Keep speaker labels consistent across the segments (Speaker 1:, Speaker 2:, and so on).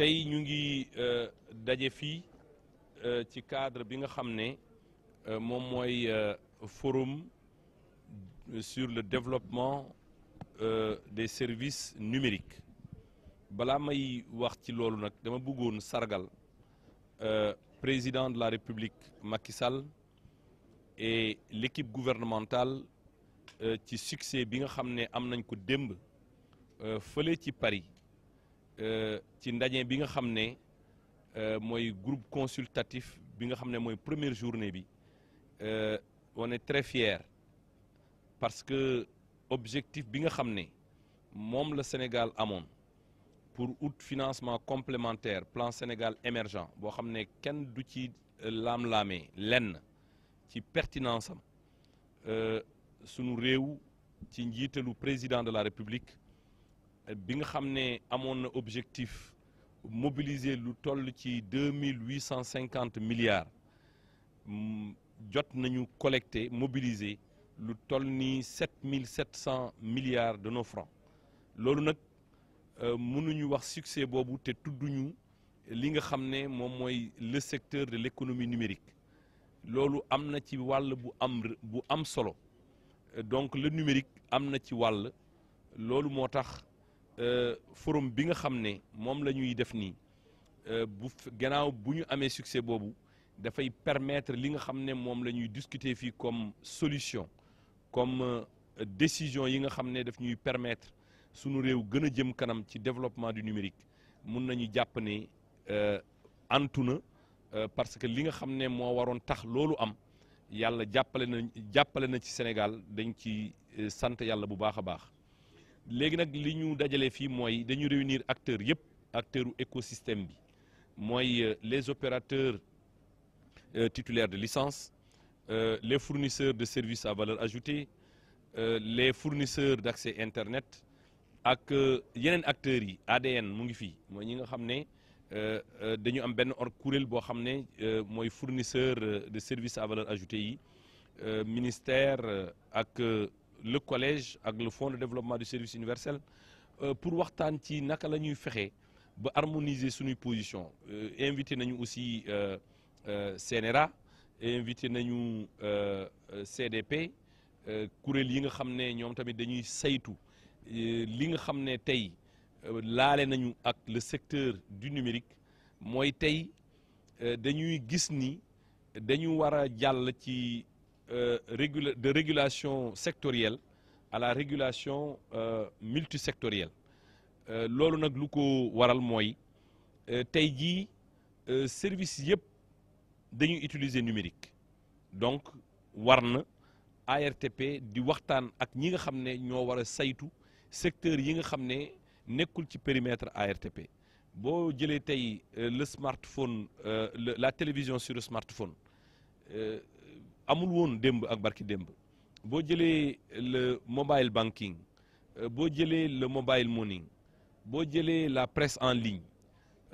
Speaker 1: tey ñu ngi qui euh, euh, ci cadre bi nga xamné ne euh, forum sur le développement des services numériques bala may wax ci lolu nak dama bëggone sargal président de la République Macky Sall et l'équipe gouvernementale ci succès bi nga xamné am nañ ko feulé ci Paris euh, ci ndaje bi nga euh, groupe consultatif bi nga xamné moy première journée bi euh, on est très fier parce que objectif bi nga xamné mom le Sénégal amone pour out financement complémentaire plan Sénégal émergent bo xamné ken du ci lam lamé lenn ci pertinence euh sunu ci président de la République bi nga xamné amone objectif mobiliser lu toll ci 2.850 milliards mm, jot nañu collecter mobiliser lu toll ni 7700 milliards de nos francs lolu nak euh, mënuñu wax succès bobu té tudduñu li nga xamné mom moy le secteur de l'économie numérique lolu amna ci wàll bu am bu am solo euh, donc le numérique amna ci wàll lolu motax euh, forum bi nga xamné mom lañuy def ni euh bu gënaaw buñu amé succès succès da fay permettre li nga xamné mom lañuy discuter fi comme solution comme euh, décision yi nga xamné daf ñuy permettre suñu réew gëna jëm kanam ci développement du numérique mën nañu japp né euh antuna euh, parce que li nga xamné mo waron tax lolu am yalla jappalé na jappalé na ci Sénégal dañ ci sante yalla bu baaxa baax nous nag li ici, nous fii dañu réunir acteurs les acteurs écosystème bi euh, les opérateurs euh, titulaires de licence euh, les fournisseurs de services à valeur ajoutée les fournisseurs d'accès internet et les acteurs ADN mu ngi fii mooy ñi dañu fournisseur de services à valeur ajoutée le ministère ak le collège avec le fonds de développement du service universel euh, pour waxtaan ci naka lañuy fexé ba harmoniser suñuy position euh, invité nañu aussi euh, CNRA invité nañu CDP courel yi nga xamné ñom tamit dañuy saytu li nga xamné tay laalé nañu ak le secteur du numérique mooy tey dañuy gis ni dañu wara jall ci euh, de régulation sectorielle à la régulation euh, multisectorielle euh, loolu nag ko waral mooy tey service yep dañuy utiliser numérique donc warne ARTP di waxtaan ak ñi nga xamné secteur yi nga xamné nekkul périmètre ARTP Bo jëlé tay le smartphone la télévision sur le smartphone amul woon démb ak barki démb boo jëlee le mobile banking euh, boo jëlee le mobile money boo jëlee la presse en ligne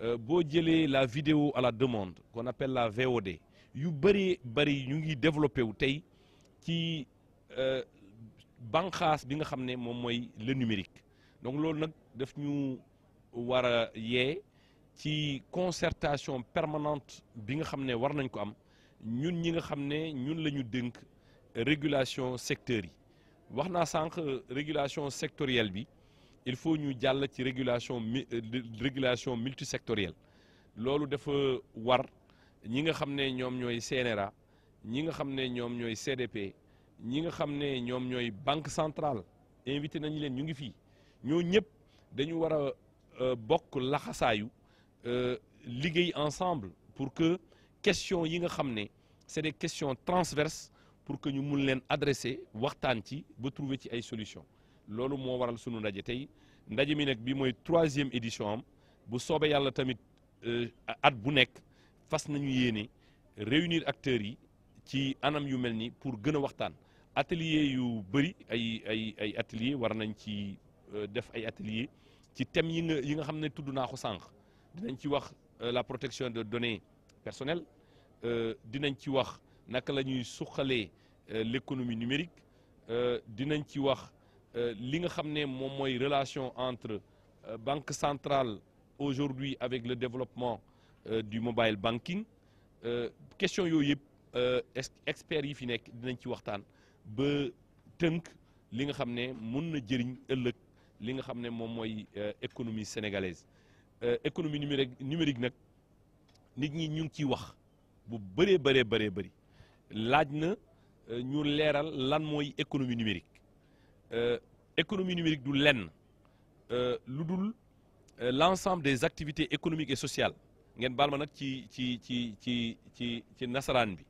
Speaker 1: euh, boo jëlee la vidéo à la demande qu'on appelle la VOD yu bëri bëri ñu ngi développé wu tey ci euh, banqaas bi nga xam ne moom mooy le numérique donc loolu nag daf ñu war a ci concertation permanente bi nga xam ne war nañ ko am ñun ñi nga xamné ñun lañu ñu régulation secteur yi waxna sank régulation sectorielle bi il faut ñu jall ci régulation régulation multisectorielle lolu dafa war ñi nga xamné ñom ñoy ñooy CNRA ñi nga xamné ñom ñoy CDP ñi nga xamné ñom ñoy banque centrale invité nañu leen ñu ngi fi ñoo ñep dañu wara bok euh, bokk laxasaayu euh, ensemble pour que questions yi nga c'est des questions transverses pour que ñu mun leen adresser waxtan ci ba trouver ci ay solutions lolu mo waral sunu ndaje tay ndaje mi nak bi 3 troisième édition am bu soobee yalla tamit euh, at bu nek fas nañu yéné réunir acteurs yi ci anam yu melni pour gëna waxtan atelier yu bëri ay ay ay atelier war nañ ci euh, def ay atelier ci thème yi nga yi nga xam ne ko sank dinañ ci wax euh, la protection de données personnelles euh, dinañ ci wax naka lañuy ñuy euh, l'économie numérique euh, dinañ ci wax li nga xamné mom moy relation entre banque centrale aujourd'hui avec le développement du mobile banking question yooyu yëpp expert yi fi nek dinañ ci waxtaan ba teunk li nga xamné mën na jëriñ ëlëk li nga xamné mom moy économie sénégalaise économie numérique numérique nak nit ñi ñu ngi wax bu bari bari bari, bëri laaj euh, ñu leeral lan mooy économie numérique euh, économie numérique du lenn euh dul euh, l'ensemble des activités économiques et sociales ngén balma nak ci ci ci ci ci ci nasaraan bi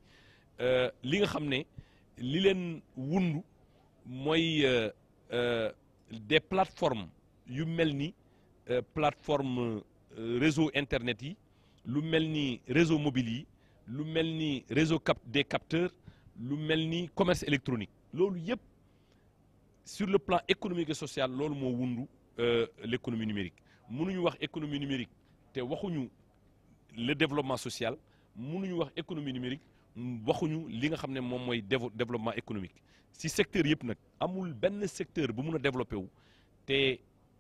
Speaker 1: li nga xamné li len wundu euh des plateformes yu melni plateforme réseau internet yi lu melni réseau mobile nous réseau cap des capteurs nous commerce électronique qui sur le plan économique et social loolu euh, l'économie numérique Nous économie numérique te waxuñu le développement social l'économie économie numérique waxuñu li nga développement économique si secteur yep nak, amul ben secteur bu est développé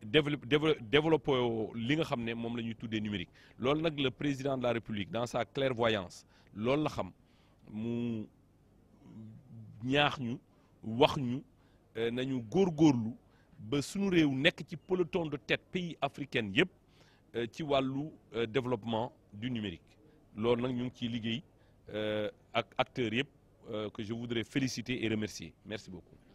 Speaker 1: développé li nga nous avons numérique le président de la république dans sa clairvoyance euh, nous, peloton de tête pays africains, qui euh, euh, développement du numérique C'est nous ñu ngi avons acteurs que je voudrais féliciter et remercier merci beaucoup